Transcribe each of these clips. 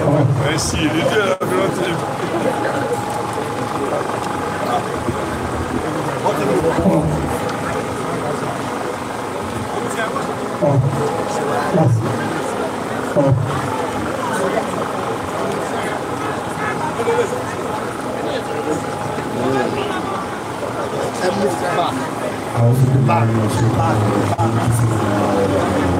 É sim, literalmente. Bota ele no É muito fácil. É muito fácil. É muito fácil. É muito fácil.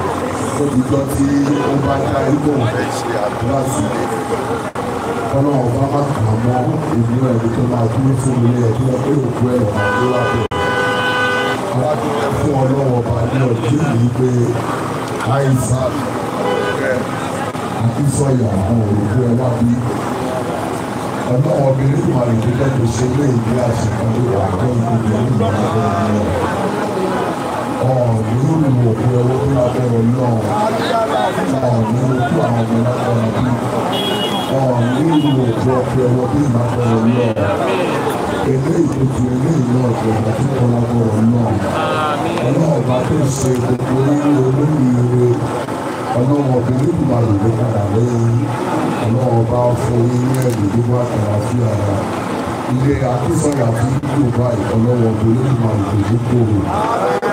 tó ti jọ tí ó bá dá ikọ̀ fẹ́ ṣe àdúrà sí i. kọ́nà ọba má kà mọ́ ìlú ẹ̀rí tó máa dúró fún mi ní ẹ̀dúrà pé òkú ẹ̀ wà lóra bẹ̀. aládùúgbò fún ọlọ́wọ́ ọba ní ọdún yìí pé àìsàn àti sọ̀yà àwọn òkú ẹ̀ wá bí. ọlọ́wọ́ obìnrin ìmọ̀ ìdílé tó ṣe lé ìdí àṣekọ̀ọ́ ìwà àgbọ̀n ìgbìyànjú ìgbàlódé ìgbìyànjú ọ̀ọ́nì lórí òkú ẹwọ́ tó lágbọ́rọ̀ náà ọ̀ọ́nì òkú àwọn ọmọ lágbọ́rọ̀ bí ọ̀ọ́nì lórí òkú ọkú ẹwọ́ tó lágbọ́rọ̀ náà èmi ìtòkè èmi ìlú ọ̀gbọ̀n àti kọlágbọ̀rọ̀ náà ọlọ́ọ̀bá tó ṣe gbogbo orí olóyè ọlọ́wọ́ obìnrin kò máa lò ló padà lẹ́yìn ọlọ́wọ́ bá fún ilé ẹ̀rù ló wà kàrà sí ara ilé akínsọ̀yà fún ìlú báyìí ọlọ́wọ́ obìnrin kò máa lò ló kúrò.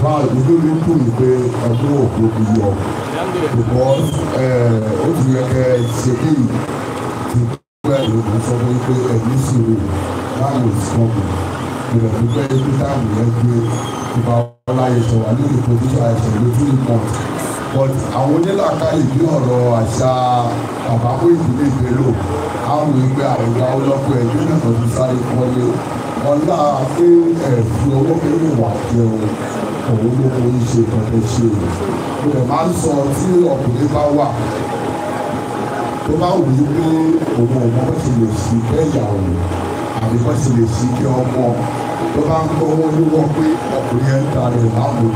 proud inú mi dùn mí pé ọdún òkú mi yọ because eh, ó ti yẹ kẹ ṣe kí n ti gbọ́ ẹ̀rọ kan sọ fún mi pé ẹ̀mí sì rè báwo ìsọ̀bù ìrẹ̀ tó fẹ́ ní táàmù yẹn gbé ìgbà ọlá ẹ̀sọ̀ wà ní ìpòjúṣà ẹ̀sọ̀ lójú ìmọ̀ but àwọn onílàkàyè bí ọ̀rọ̀ àṣà bàbá kó ìdílé ìgbélò àwọn ìgbé àìgbà ọlọ́pọ̀ ẹ̀jẹ̀ náà lọ́dún sáré kọ́lé ọlá pé ẹ̀fún owó kéwòn wà jẹun òun ló kó yín ṣe nǹkan ṣe o mo máa ń sọ tí ọkùnrin bá wà tó bá wù ú pé òun ò mọ ti lè sí bẹ́ẹ̀ ìyàwó àbí bó ti lè sí bí ọmọ tó bá ń gbọ́ wọn ló wọ́n pé ọkùnrin ẹ̀ ń ta rẹ̀ láàmú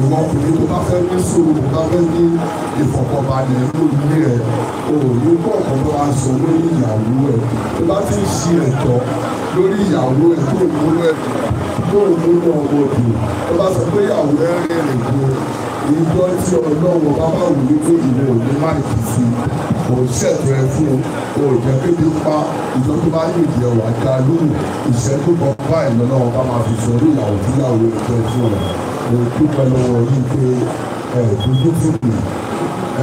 ìwọ ọkùnrin tó bá fẹ́ ní sùúrù tó bá fẹ́ ní ìfọ̀kànbalẹ̀ lórí rẹ̀ o ní bọ̀ ọ̀kan tó bá ń sọ lórí ìyàwó ẹ̀ tó bá ti ń ṣe ẹ̀tọ́ lórí ìyàwó ẹ̀ tó ń múlò ẹ̀tọ́ bóun ló mọ ọmọ òbí tó bá sọ pé àwòrán rẹ̀ rẹ̀ gbó ìjọ tí ọlọ́wọ́ bá bá wù ní pé ìwọ ò ní má ìdí sí kò ṣẹ̀tọ́ ẹ fún o ò jẹ́ pa ìjọ tó bá yóò jẹ wà dá lóhùn ìṣẹ́jú kan báyìí lọ́nà ọba máa fi sọ lóhùn àwòdúláwò ìjọ fún ọ mo dúpẹ́ lọ́wọ́ yìí pé ẹ̀ dúdú fún mi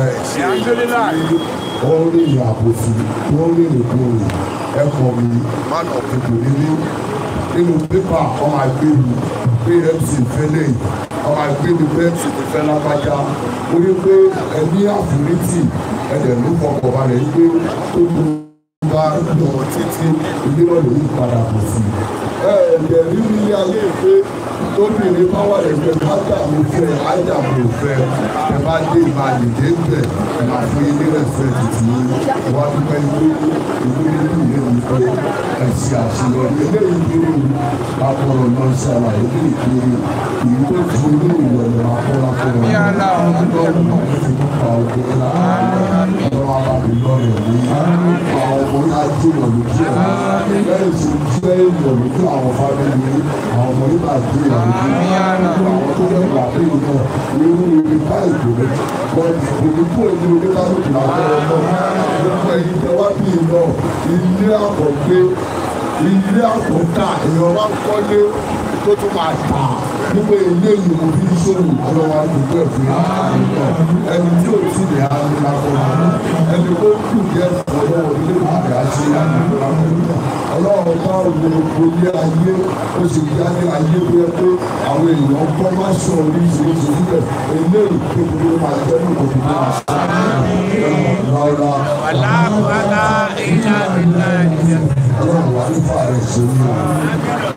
ẹ̀ ṣe wọ́n rìn wọ́n rìn ìgbòho nínú pépà ọmọ àgbè mi pmc fẹ́lẹ̀ ọmọ àgbè mi pmc ti fẹ́ lápájá mo rí pé ẹ̀mí àforítì ẹ̀dẹ̀ ló fọkàn balẹ̀ yí pé tó tó bá lọ títí ìlérò lòún padà bọ̀ sí i. ẹ̀ẹ́dẹ̀ nínú ilé ayé pé tóbìnrin bá wà lẹ́gbẹ̀ẹ́ pátá mi fẹ́ ájà mi ò fẹ́ ẹ bá dé ìbàdí dé bẹ̀ ẹ̀ máa fún ilé rẹ̀ fẹ́ tuntun wá dúpẹ́ ìlú ìlú ẹ̀sìn àṣìlẹ̀ eléyìí kiri akọ̀rọ̀ náà ṣàlàyé eléyìí kiri ìlú tó ní ìwẹ̀lẹ̀ akọ̀lákọ̀rọ̀ náà lọ́wọ́ ìfipá òkè ńlá ọ̀rọ̀ alábìlọ́ rẹ̀ ní àwọn ọmọ náà jìnà lójú ẹ̀ lẹ́yìn tó jẹ́ èèyàn lójú àwọn fábílì àwọn ọmọ nígbà jìnà lójú àwọn tó jẹ́ ìgbàgbé náà nínú ibi báyìí kò ní bọ́ọ̀dì kò ní kúrò ní oníkálukú àwọn ọmọ náà àwọn ẹ̀yin tẹ wá bí lọ ilé àkọ́gbé ilé àkọ́ta èèyàn wá kọ́lé tó tún máa tà nígbà ilé yìí mo sóòlù ọ̀rọ̀ wa gbogbo ẹ̀ fún yàrá ẹni tí ò tí lè ara ní lakọ ẹni tó kù jẹ́ ọ̀rọ̀ ilé ìgbà àti ìyàrá ọlọ́run bá wo orí ayé ó sì yá ní ayé bí ẹ pé àwọn èèyàn kọ́ má sọ orí ìṣèjì sílẹ̀ eléyìí tó máa jẹ́ ní òkùnkùn náà wàlá àbúrádá ìlà ìlà ìlà. Ọlọ́run wà nípa rẹ̀ ṣe ní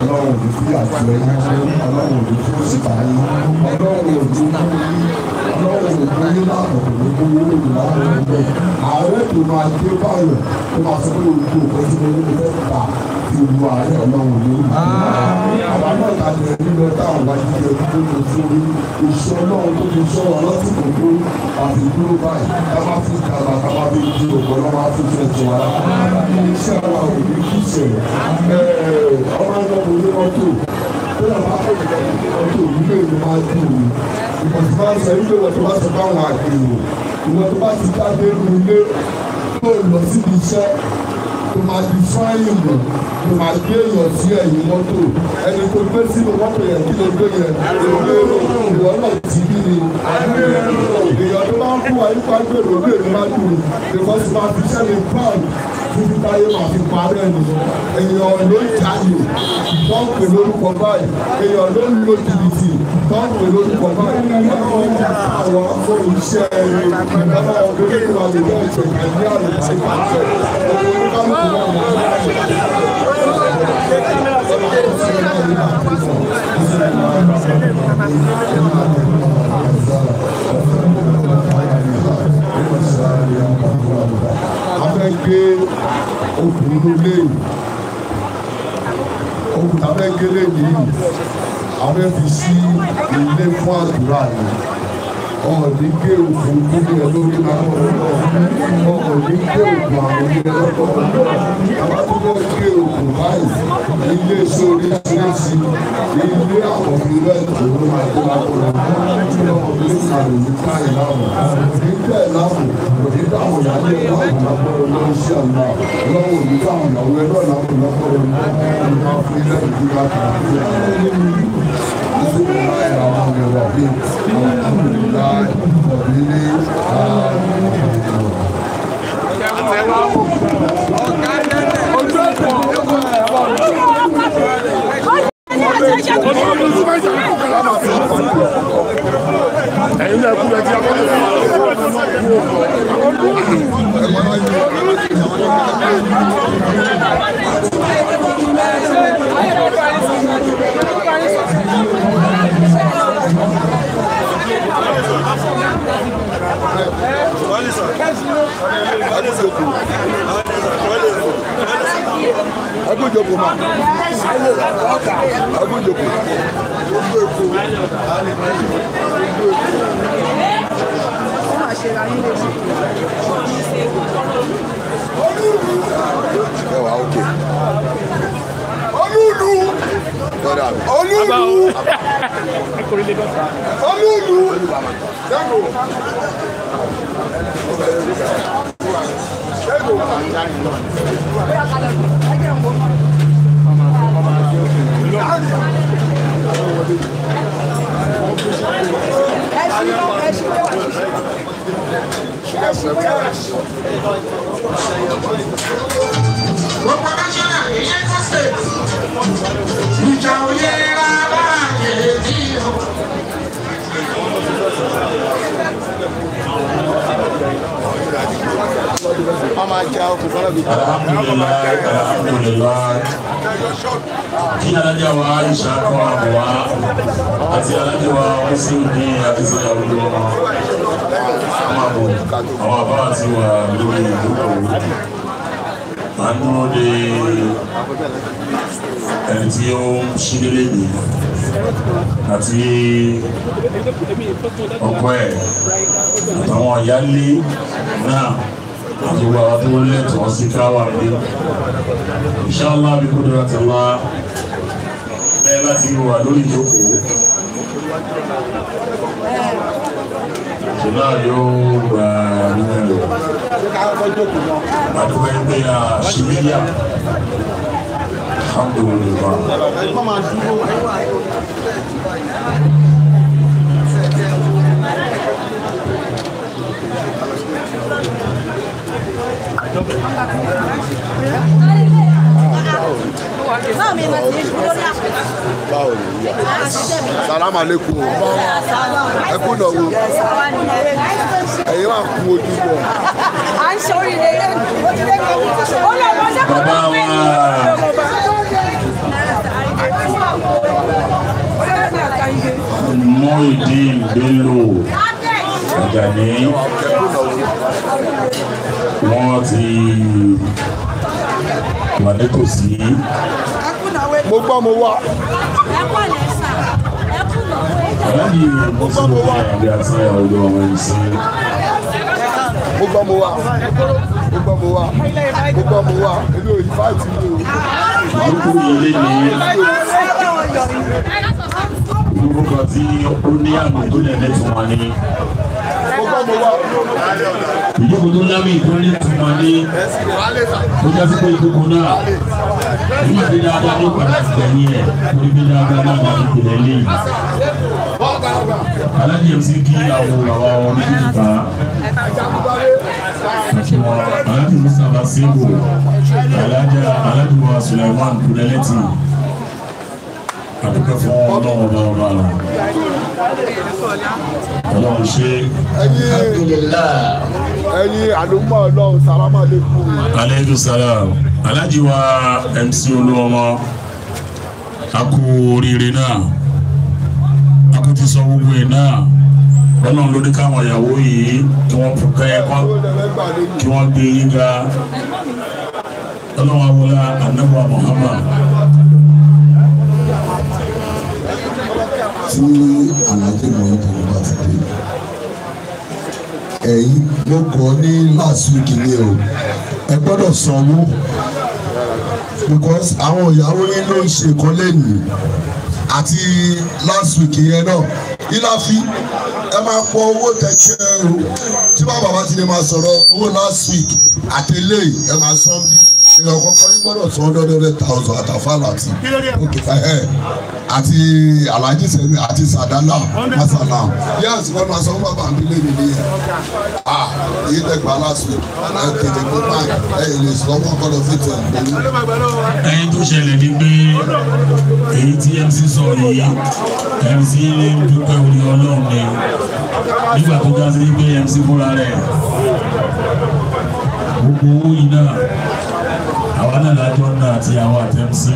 ọlọ́run òní kí àtìlẹ́yìn ọlọ́run òní kí ó sì bá yín ọlọ́run òní ọlọ́run òní nílànà òní ní ìlú ìlànà òní. Àwọn ètò máa dé báyọ̀ tó máa sọ pé olùkọ́ òkú ẹ̀sìn ní ìlú ìfẹ́ olú ààrẹ ọlọ́run ní àwa náà ta ni ẹni lọ tá àwọn wájú rẹ tó sórí oṣù ọlọ́run tó lè sọ ọlọ́sìn gbogbo àti dúró báyìí káwá fi kàlà káwá fi di ògbọ́n náà wá fi fẹ́ ara iṣẹ́ wa ò ní kí ìṣẹ̀lẹ̀ ọmọ ẹgbẹ́ mi ní mọ́tò bí bá fẹ́ mi ní mọ́tò ilé ìlú máa dùn mí ìwọ̀n tó bá sọ báwọn àgbèrò You must fáyìn mọ̀ kò máa gbé èèyàn sí ẹ̀yìn mọ́tò ẹni tó gbé sínú mọ́tò yẹn kí ló gbé yẹn ìgbéró ìwọ náà ti bí ni àgbéró èèyàn tó máa ń fún wa nípa gbèrò gbèrò má dùn because máa fi sẹ́ni pound títí táyé máa fi parẹ́ ni èèyàn ló ń jalè tọ́ǹpẹ̀ lórúkọ báyìí èèyàn ló ń lo jìbìtì tọ́ǹpẹ̀ lórúkọ báyìí ẹ̀rọ ń jà àwọn afọ́nìṣẹ́ rẹ̀ ìdáná ọdún ní ìwà lórí ẹ̀jẹ̀ ní àlùkò àti pàṣẹ ọdún ní kálukú náà wà láti Thank you. fẹ́ gé obìnrin lẹ́yìn ohun tá a fẹ́ gé yìí a fi sí ilé fún àdúrà yìí ọ̀ọ́dí gé òkú kúndé lórí àwọn ọ̀rọ̀ gé òkú àwọn ọ̀rọ̀ ọ̀ọ́dí gé òkú báyìí ilé iṣẹ́ oríṣiríṣi ilé àkọsílẹ̀ ìṣòro àkọlákọlá nílẹ̀ ọ̀gbẹ́sà lè ní káyì láàmú nígbà láàmú òní táwọn ìyáálé láàmú lápẹ̀rẹ̀ lọ́wọ́ sí àná lọ́wọ́ òní táwọn ìyàwó ẹ̀rọ láàmú lápẹ̀rẹ̀ lọ́wọ́ fún ilé ìdílé àkàtúntì. ẹ̀yin náà kú ẹ ti akọ́lé Olha só, olha só ẹ kú jókòó ma ayé ọkà ẹ kú jókòó ojú èkó ojú èkó. olúlu olúlu olúlu dẹ́gbò Gbogbo Nàìjíríà wọ́n máa ja okùn fún ọ̀nà bíi. alhamdulilayi alhamdulilayi kí alájà wa aisha kọ́ àbọ̀ wa àti alájà wa ọ̀sìn ní àti sọ̀yàwó lọ́wọ́ máa bọ̀ àwọn àbá àti wà lórí ìdókòwò à ẹni tí ó ń ṣílélé yìí àti ọkọ ẹ̀ àtàwọn ìyáálé náà àti wà wá tí wọ́n lẹ́tọ̀ọ́ sí káwà rí inshallah bí kudratullah bẹ́ẹ̀ láti wà lórí ìjókòó ṣùgbọ́n yóò gbà nínú ẹ̀rọ àdúgbò ẹgbẹ́ yà ṣìlíyà alhamdulillah. Thank you báwo ni yíyá salam aleikum o ẹ kú náwó ẹ̀yin máa kú ojú bọ̀. à ń sọ orí wọ́n ti wà nítòsí. mo gbọ́ mo wá. Alhaji Musu Buhari ya tsaya wa zuwa wani sai. Mo gbọ́ mo wá. Mo gbọ́ mo wá. Mo gbọ́ mo wá. Èmi ò yí fáìtì mi o. Orúkọ yìí lé ní orúkọ tí ó ní àmì tó lẹ̀ lẹ́tùmọ̀ ni ìjókòó tó lábẹ́ ìtọ́lé tuma ní ó ìjókòó náà nígbà tí dáadáa padà tẹ̀lé ẹ̀ torí bí dáadáa náà máa ń tẹ̀lé léyìí. alájí ẹ̀ sì kí àwọn bàbá wọn ní ìjọba alájí mustapha sebo alájà alájí wa suleiman kúrẹ́lẹ́tì àdúgbò fún ọlọ́wọ́ bá wọn bá ọlọ́run ṣe. ẹ̀yin àdúgbò ọlọ́run sàlámà lè kú. aleykum salaam alájí wa mc olúọmọ a kú oríire náà a kú ti sọ gbogbo ẹ̀ náà ọlọ́run ló ní káwọn ìyàwó yìí kí wọ́n kẹ́ ẹ kọ́ kí wọ́n gbé yín ga ọlọ́run awolá anábọ̀ Muhammad. tí alájẹ mọ̀ọ́yì tẹ̀lé bá ti dé ẹ̀yin ló ní last week ni o ẹ gbọ́dọ̀ sanwó because àwọn ìyàwó yín ló ń ṣe nǹkan lẹ́yìn àti last week yẹn náà ìlàfi ẹ máa pọ owó tẹ̀sí ẹ o tí bàbá bá ti lè máa sọ̀rọ̀ owó last week àtẹlẹ́yìn ẹ máa san bí ọkọ̀ọ̀kan yín gbọ́dọ̀ san hundred thousand àtàfàlà àti òkìtà ẹ̀ àti alhaji sẹ́mi àti sadala masala yíyàsí wọn máa sọ fún bàbá àbílẹ̀ mi nìyẹn à yìí dẹ́gbàá lásìkò aláǹkejì tó máa ẹ̀yìn lè sọ wọn gbọ́dọ̀ fi tẹ̀ ẹ̀ ẹ̀yìn tó ṣẹlẹ̀ ni pé èyí tí mc sọ yìí mc dúpẹ́ orí ọlọ́run ni nígbà tó dá sí pé mc fúnra rẹ̀ gbogbo owó yìí náà àwa náà lájọ náà àti àwọn àtẹnusí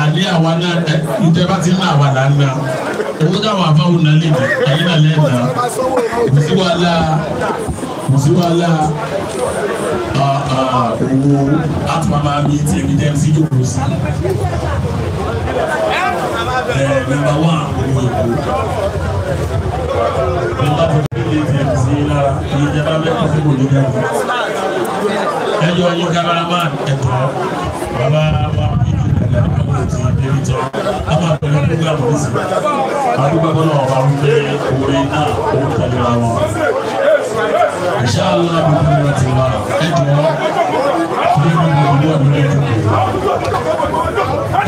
àlẹ́ àwa náà ìjọba ti ń ná àwa là ń ná owó táwọn afáwọn náà lè dì ẹ̀yìn náà lẹ́yìn náà kò sí wàhálà kò sí wàhálà owó àtúmọ̀mọ́ mi ti èmi dẹ́m sí yòókù sí ẹ̀ nọ́mbà owó èkó sí lára èyí tẹ́ bá mẹ́kọ̀ọ́ fún olùdíjà ẹjọ́ yín garama ẹ̀tọ́ bàbá wa ìlú ìlú àwọn òtí ìdérí tọ́ a máa bẹ̀rẹ̀ program ní sí àdúgbò náà wà wípé orí náà ó tẹ̀lé ra wọn. Ìṣá ńlá mi kúrò láti wá ẹjọ́ fún ìlú ìlú ọdún lẹ́jọ́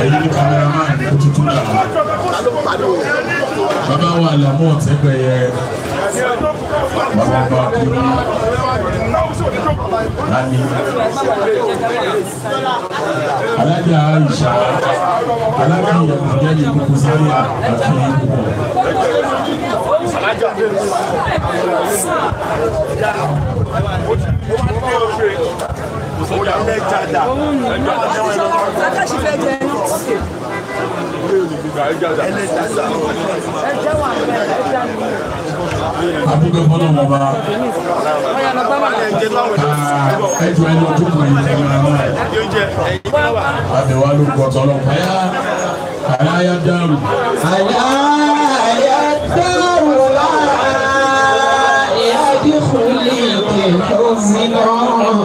èyí ni kameraman ó ti tún dà. Bàbá wa làmú ọ̀tẹ́gbẹ̀yẹ bàbá bá kú ní láti alájà ìṣá alájà ìyàgbẹ́ yìí kúkú sáré àti ìbùkún. Ẹ jẹ́ wà ní ẹja ni àdúgbò fọlọ́ wọn bá ẹjọ ẹni ọdún kan yìí kamara náà àdéhùn alóko ọ̀tọ̀ ọlọ́pàá yá àyà dáhùn. àyà àyà dáhùn láàyè àdìkùn lè kẹ̀ ọ́ sí náà.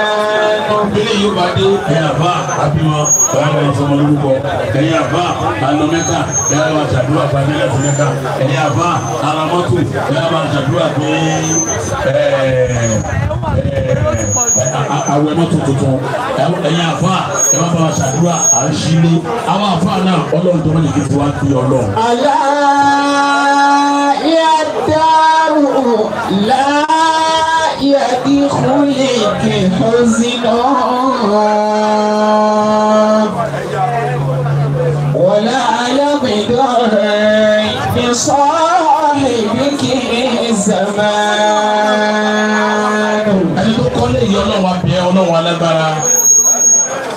yorùbá dé ẹ̀yin àbímọ ọ̀yàwó ìfọmọ lórúkọ ẹ̀yin àbá àlọ́mẹ́ta ẹ̀yàwó àjàdúrà fàmílẹ̀ fúnẹ́ka ẹ̀yin àbá aramọ́tò ẹ̀yàwó tuntun ẹ̀yin àbá ṣàdúrà à àwọn àbá náà ọlọ́run tó wọ́n lè fi tiwa fi ọlọ́run. aláìyá dáhùn láàá. بخلق حزنا ولا علم دعي صاحبك الزمان ẹni tó kọ́ lè yọ ọlọ́run abẹ́ ọlọ́run alágbára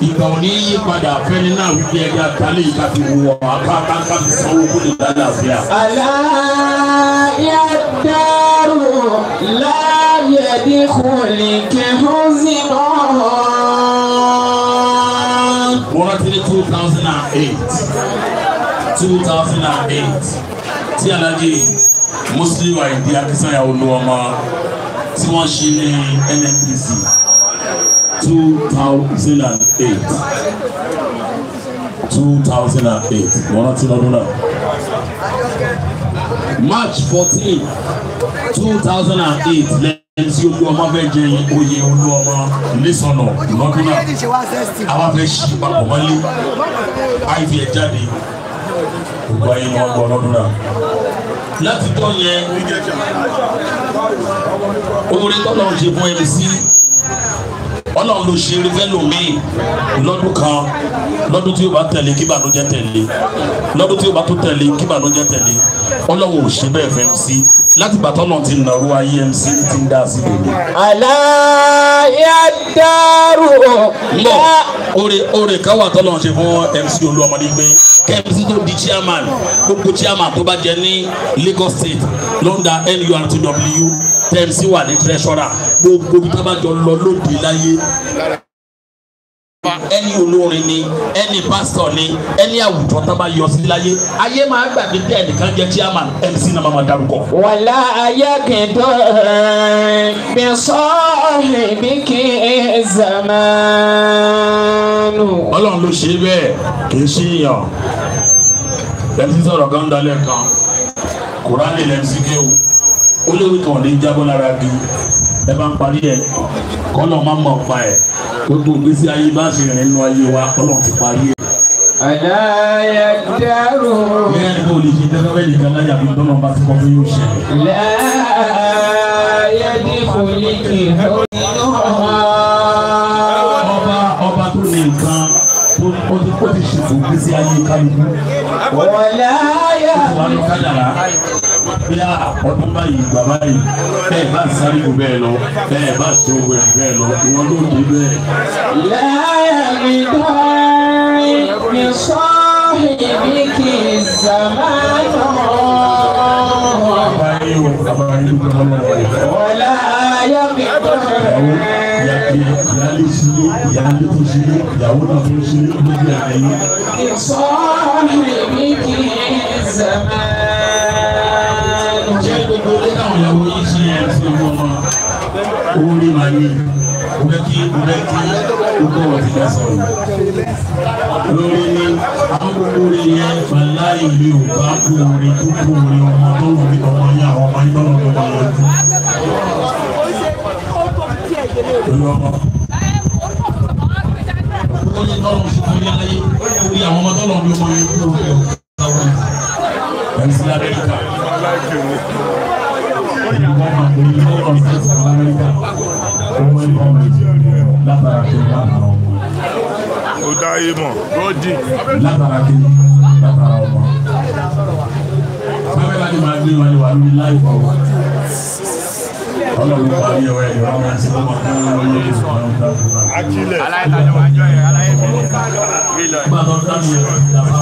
ìgbà òní yí padà fẹ́ni náà wípé ẹni àtàlẹ́ ìgbà fi wù ọ́ apá kankan fi sanwó kó lè dá láàfin. àlàyé dárò láàrín. بخلق حزنا wọ́n rántí ní two thousand and eight two thousand and eight tí alájí Musiliu Àyìndé Akínsànyà Olúọmọ tí wọ́n ṣe ní NNPC two thousand and eight two thousand and eight wọ́n rántí lọ́dún náà march fourteen two thousand and eight lẹ́yìn tí ojú ọmọ fẹ́ jẹ oyè olú ọmọ nísọ̀nà lọ́dún náà àwa fẹ́ ṣí papọ̀ mọ́lé àìfi ẹ̀ jáde gbogbo ayé ni wọ́n gbọ́ lọ́dún náà láti tọ́ yẹn olórí tọ́lọ́ ṣe fún ẹni sí ọlọ́run ló ṣe eré lómii lọ́dún kan lọ́dún tí yóò bá tẹ̀lé kí bànújẹ́ tẹ̀lé lọ́dún tí yóò bá tó tẹ̀lé kí bànújẹ́ tẹ̀lé ọlọ́run ò ṣe bẹ́ẹ̀ fẹ́ MC láti bàtọ́ náà ti nàró ayé MC ti ń dá sí lèmi. aláyà dárò. lọ oore oore káwà tọ́lọ̀ ṣe fún MC Olúọmọdé gbé kẹ́mísì tó di chairman gbogbo chairman tó bá jẹ ní Lagos State lọ́ndà nurtw tẹ́mísì wà ní treasurer gbogbo bí tábàjọ lọ lóde láyé ẹni olórin ni ẹni pásítọ̀ ni ẹni àwùjọ tó bá yọ sí láyé ayé máa gbàgbé pé ẹnìkan jẹ́ chairman MC náà máa darúkọ. wàlá ayé kìntọ́ bí sọ́ọ̀lì bí kì í zamanu. ọlọ́run ló ṣe bẹ́ẹ̀ kì í ṣe yàn lẹ́mísí sọ̀rọ̀ kan kan kùránì lẹ́mísí olórí kan ò ní jábọ́ lára bí ẹ bá ń parí ẹ̀ kọ́nà má mọ̀ pa ẹ̀ gbogbo gbèsè ayé bá ṣe rìn nínú ayé wa kọ́nà ti parí ẹ̀. Àdá yẹ dárò. Bí ẹni kò lè ṣe tẹ́lẹ̀ bẹ́ẹ̀ nìkan láyà bí tọ́nà bá ti kọ́ fún yóò ṣẹlẹ̀. Láyé ní kò ní kì í ọba ọba tó ní nǹkan ó ti ṣètò gbèsè ayé kálukú. Wọ́n láyà pé ah, ọdún báyìí ìgbà báyìí bẹ́ẹ̀ bá sáré jù bẹ́ẹ̀ lọ bẹ́ẹ̀ bá sọ òwe jù bẹ́ẹ̀ lọ wọn ló dé bẹ́ẹ̀. lẹ́ẹ̀mí dáì mi sọ èmi kì í sàmà lọ. àbáyé o àbáyé o kọ́ lọ́wọ́. wọlé ayé mi kọ́ lọ́wọ́ ìyáálé sílé ìyáálé tó sílé ìyàwó náà tó sílé gbogbo àyè. ìsọ̀rọ̀ mi kì í zẹ̀mẹ́ ìyàwó yìí ṣe é fún ọmọ ọmọ owó ní màá ní ọbẹ̀ kí ọbẹ̀ o ọkọ̀ wà ti dá o lórí ni àkókò rí o fàlà ìlú òkà kú o tó kú orí ọmọ o wù ní ọmọ yẹn àwọn ọmọ yẹn lọ́wọ́ tó wà lọ́dún. olú ọmọ ó o tọ́lọ̀ sí torí ayé o àwọn ọmọ tọ́lọ̀ bí o yẹn kú orí ọmọ yẹn. Thank you chairman of the United States of America Owen Comrade látara kejì látara ọmọ. ó dá yé mọ̀. rọ́ọ̀dì. látara kejì látara ọmọ. sábẹ́ láti máa gbé wọn ni wà lórí láìpẹ́ ọ̀wọ́. ọlọ́run parí ẹ̀wẹ̀ wa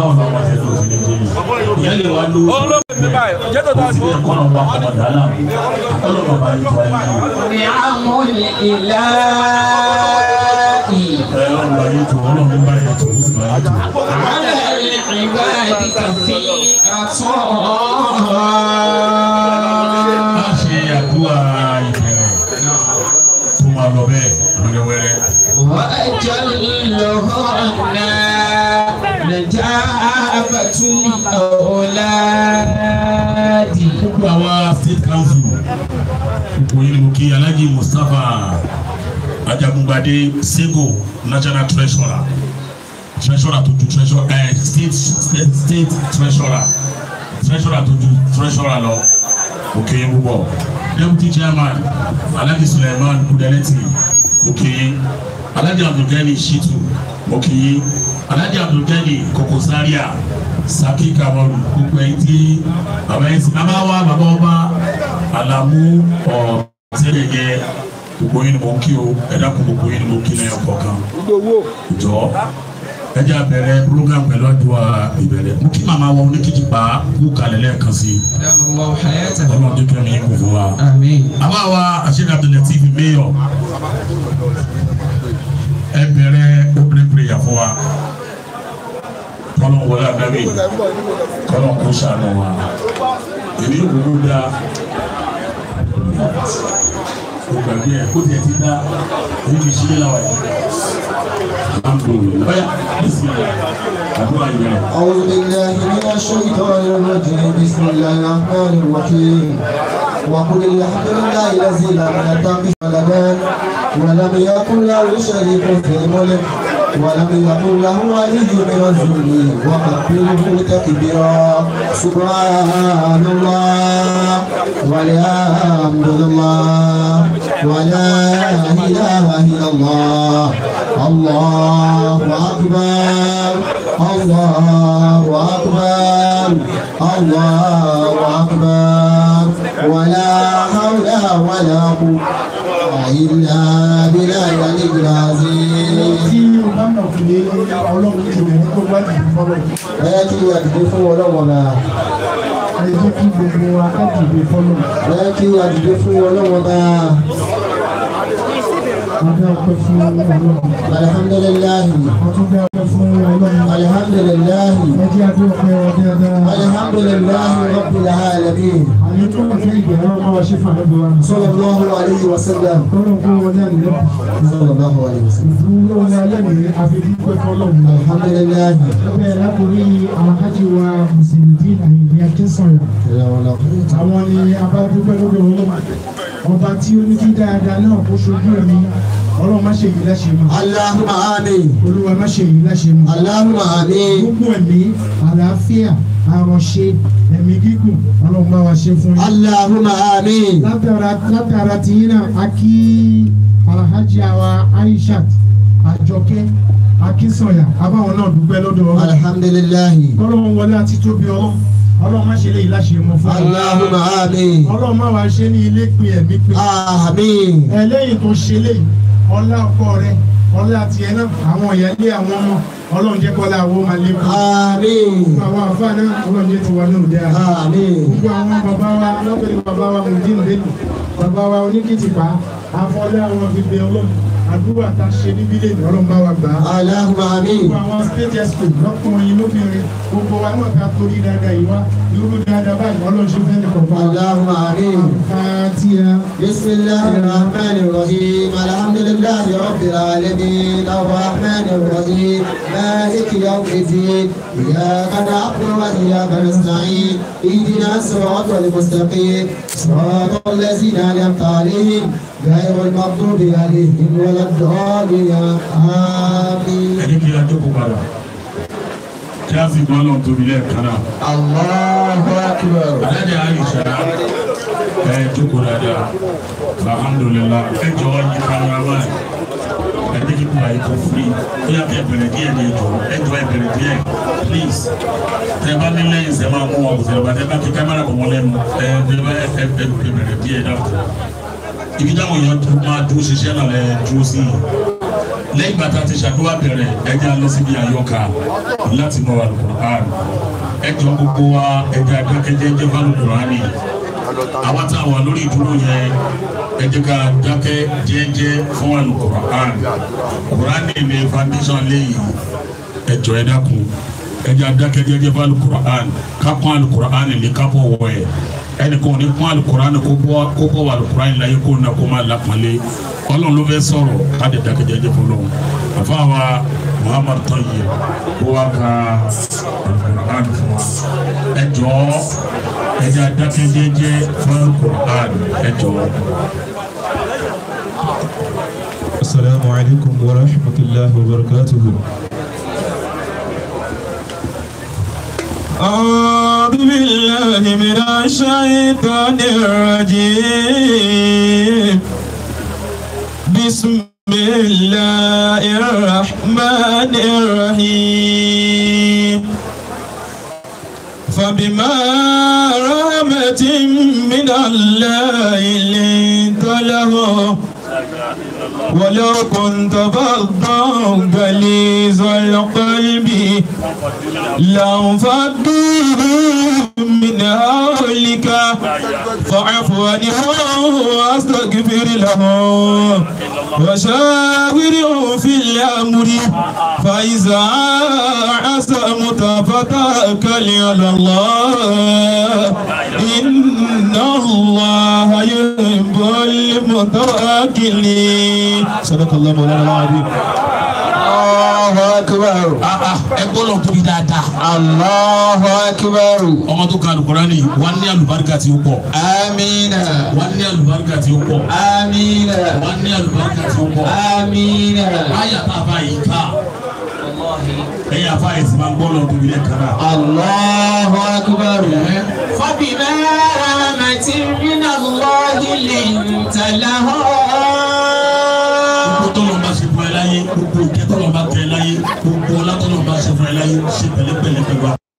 báwọn náà wá sẹ́tọ̀ sí léjì yìí ìyá lè wá lówó ó sì lè kọ́ ọ̀nà bá padà dáná àtọ́lọ́ bàbá yìí tó wáyé yìí. ní àwọn ìlà yìí. ẹ ọ lọ yìí tó ọ lọ mú bá yìí tó ó sì máa yìí tó. àlẹ́ ìgbà ìkàfí àtọ́ má ṣe àdúrà ìbẹ̀rẹ̀ tó máa lọ bẹ́ẹ̀ wẹ́rẹ́wẹ́rẹ́. wàá jẹ́ ìlọ́hàn náà nàìjíríàbàtú ọ̀làdì. gbogbo àwa state council gbogbo yìí ni kí alhaji mustapha ajagungbade sego national treasurer treasurer tó ju treasurer ẹ eh, state state state treasurer treasurer tó ju treasurer lọ òkè yín púpọ̀ deputy chairman alhaji suleiman kudeleti òkè yín alhaji abdulgani shitu okiyi alhaji abdulgani koko zaria saki kamaru gbogbo ẹyin tí baba yẹn ti wa bàbá ọba alamu ọ sẹlẹ yẹ gbogbo yín ni mo kí o ẹ dákun gbogbo yín ni ẹ jẹ́ abẹ̀rẹ̀ program pẹ̀lú àdúrà ìbẹ̀rẹ̀ mú kí màmá wọn oníkìkì pa kú kalẹ̀ lẹ́ẹ̀kan sí i. ọlọ́run tó kẹ́mi kò fún wa. àwa wa àṣírí Abdulateef mayor ẹ bẹ̀rẹ̀ opening prayer fún wa kọ́lọ́n wọlé abẹ́rẹ́ kọ́lọ́n kó sànù wa èmi ò wúlò dáa o gbàgbé ẹ kó tiẹ̀ ti dá níbi sílé la wáyé. alhamdulilayi báyà bisimilá àdúrà yẹn. àwọn ènìyàn ìrìnà ṣe ìtọ́wọ́ ẹ̀rọ jẹ́ bisimilá rahman rahim وقل الحمد لله الذي لم يتخذ ولدا ولم يكن له شريك في الملك ولم يكن له ولي برجل الذل وقبله تكبيرا سبحان الله والحمد لله ولا إله إلا الله الله أكبر الله أكبر الله أكبر ولا حول ولا قوة إلا بالله العلي العظيم náà fi ní ọlọ́run ìwé gbogbo àdìgbò fọlọ́. ẹ̀yà kí àdìgbò fún ọlọ́wọ́n náà. ẹ̀jẹ̀ kí gbogbo akẹ́kọ̀ọ́ fọlọ́. ẹ̀yà kí àdìgbò fún ọlọ́wọ́n náà alihamdulilahi alihamdulilahi alihamdulilahi rabbil alamin. sallallahu alayhi wa sallam. sallallahu alayhi wa sallam. alihamdulilahi. bẹ́ẹ̀ lákòrí àwọn kájí wa mùsùlùmí àyìnbí akínsọ̀rọ̀ àwọn ni abá dúpẹ́ lórí olóògbé ọba tí ó ní kí dáadáa náà kó ṣojú ẹ̀mí ọlọ́run má ṣe yìí láṣẹ mọ́. Allahumma àmín. olúwa má ṣe yìí láṣẹ mọ́. Allahumma àmín. gbogbo ẹ̀mí àlàáfíà àròṣe ẹ̀mí gígùn ọlọ́run bá wa ṣe fún yín. Allahumma àmín. látara látara tìyín náà a kí alhaji àwa Aishat àjọkẹ́ akínsọ̀yà abáwọn náà dúpẹ́ lọ́dọ̀ ọlọ́run. alhamdulilayi. kọ́lọ́run wọlé àti tóbi ọlọ́run ọlọ́run má ṣe lè láṣẹ mọ́ fún wa. Allahumma àmín. ọlọ́run má wàá ṣe ní ilé pin ẹ̀mí pin. àmín. ẹlẹ́yìn tó ṣe lè ọlá ọkọ rẹ ọlá tiẹ̀ náà àwọn ìyáálé àwọn ọmọ ọlọ́run jẹ́ kọ́lá àwọn ọmọ alẹ́ kọ́. àmín. gbogbo àwọn àfa náà ọlọ́run jẹ́ tiwa náà dẹ́ àná. àmín. gbogbo àwọn bàbá wa lọ́pẹ̀lẹ̀ bàbá wa mùdí afọlẹ́ àwọn fi bẹ ọlọ́run àdúrà tá a ṣe níbí lè lọ́rọ̀ bá wa gbà. aláhùn àmín. gbogbo àwọn state expo lọ́kùnrin lóbìnrin gbogbo wa náà ká torí dáadáa yìí irú dáadáa báyìí ọlọ́run ṣe fẹ́ nìkan fún wa. aláhùn àmín. fàtíà. bisimilahi rahman rahim alhamdulilayi rabbil alamin rahman rahim maliki yawmiddin iyyaka na'budu wa iyyaka nasta'in ihdina siratal mustaqim siratal ladzina an'amta alaihim. غير gbọ́n lọ́n tóbi lẹ́ẹ̀kan náà. Allahu akbar. alájà àyíṣà ẹ jókòó dáadáa alhamdulillah ẹ jọ̀ọ́ yí kára báyìí ẹ jẹ́ kí àyíkó fúri ó yà kẹ́ bẹ̀rẹ̀ díẹ̀ ní ẹjọ́ ẹ jọ̀ọ́ ẹ díẹ̀ please tẹ bá ní lẹ́yìn sẹ́ máa mú wọn bá tẹ kámẹ́rà kò wọlé mu ẹ ibi táwọn èèyàn tó máa dúró ṣiṣẹ́ náà lẹ dúró sí i lẹ́yìn bàtà ti ṣàdúrà bẹ̀rẹ̀ ẹja lọ síbi àyọkà láti mọ alukur'an ẹjọ gbogbo wa ẹja dákẹ́jẹ́ ẹjẹ bá alukur'an àwọn táwọn lórí ìdúró yẹn ẹ jẹ́ ká dákẹ́ jẹ́jẹ́ fún alukur'an kur'an ní foundation lẹ́yìn ẹjọ ẹ dákun ẹja dákẹ́jẹ́ ẹjẹ bá alukur'an kápọ́n ní kápọ́ wọ̀ ẹ́ ẹnìkan ní kún alukurani kó bọ́ wà alukurani láyé kó na kó má lakpalẹ̀ ọlọ́run ló fẹ́ sọ̀rọ̀ ká lè dákẹ́jẹ́ jẹ́ fọlọ́ àfa wa muhammadu tọ́yì kó wa ka alukurani fún wa ẹ jọ ẹ jẹ́ dákẹ́jẹ́ jẹ́ fún alukurani ẹ jọ. السلام عليكم ورحمة الله وبركاته أعوذ بالله من الشيطان الرجيم بسم الله الرحمن الرحيم فبما رحمة من الله ولو كنت فظا غليظ القلب لانفضوا منها كلك فاعف عنهم واستغفر لهم وشاورهم في الامر فاذا عزمت فتوكل على الله ان الله يحب المتوكلين صدق الله مولانا العظيم Allahu Akbar. Ẹ gbọ́dọ̀ tóbi dáadáa. alukurani wa ní alubarika tí ó amiina. wa alubarika tí ó amiina. wa alubarika tí ó amiina. aya ta ba yi ka. ẹ̀yin afa ẹ̀sìn máa ń gbọ́ lọ tóbi lẹ́ kara. Allahu akbar. fabima rahmatin min Allahi linta lahum. gbogbo tọ́lọ̀ bá ṣe fún ẹ láyé gbogbo ìkẹ́tọ́lọ̀ bá tẹ̀ ẹ láyé gbogbo ọlá tọ́lọ̀ bá ṣe fún ẹ láyé ṣe pẹ̀lẹ́pẹ̀lẹ́ pẹ̀lú.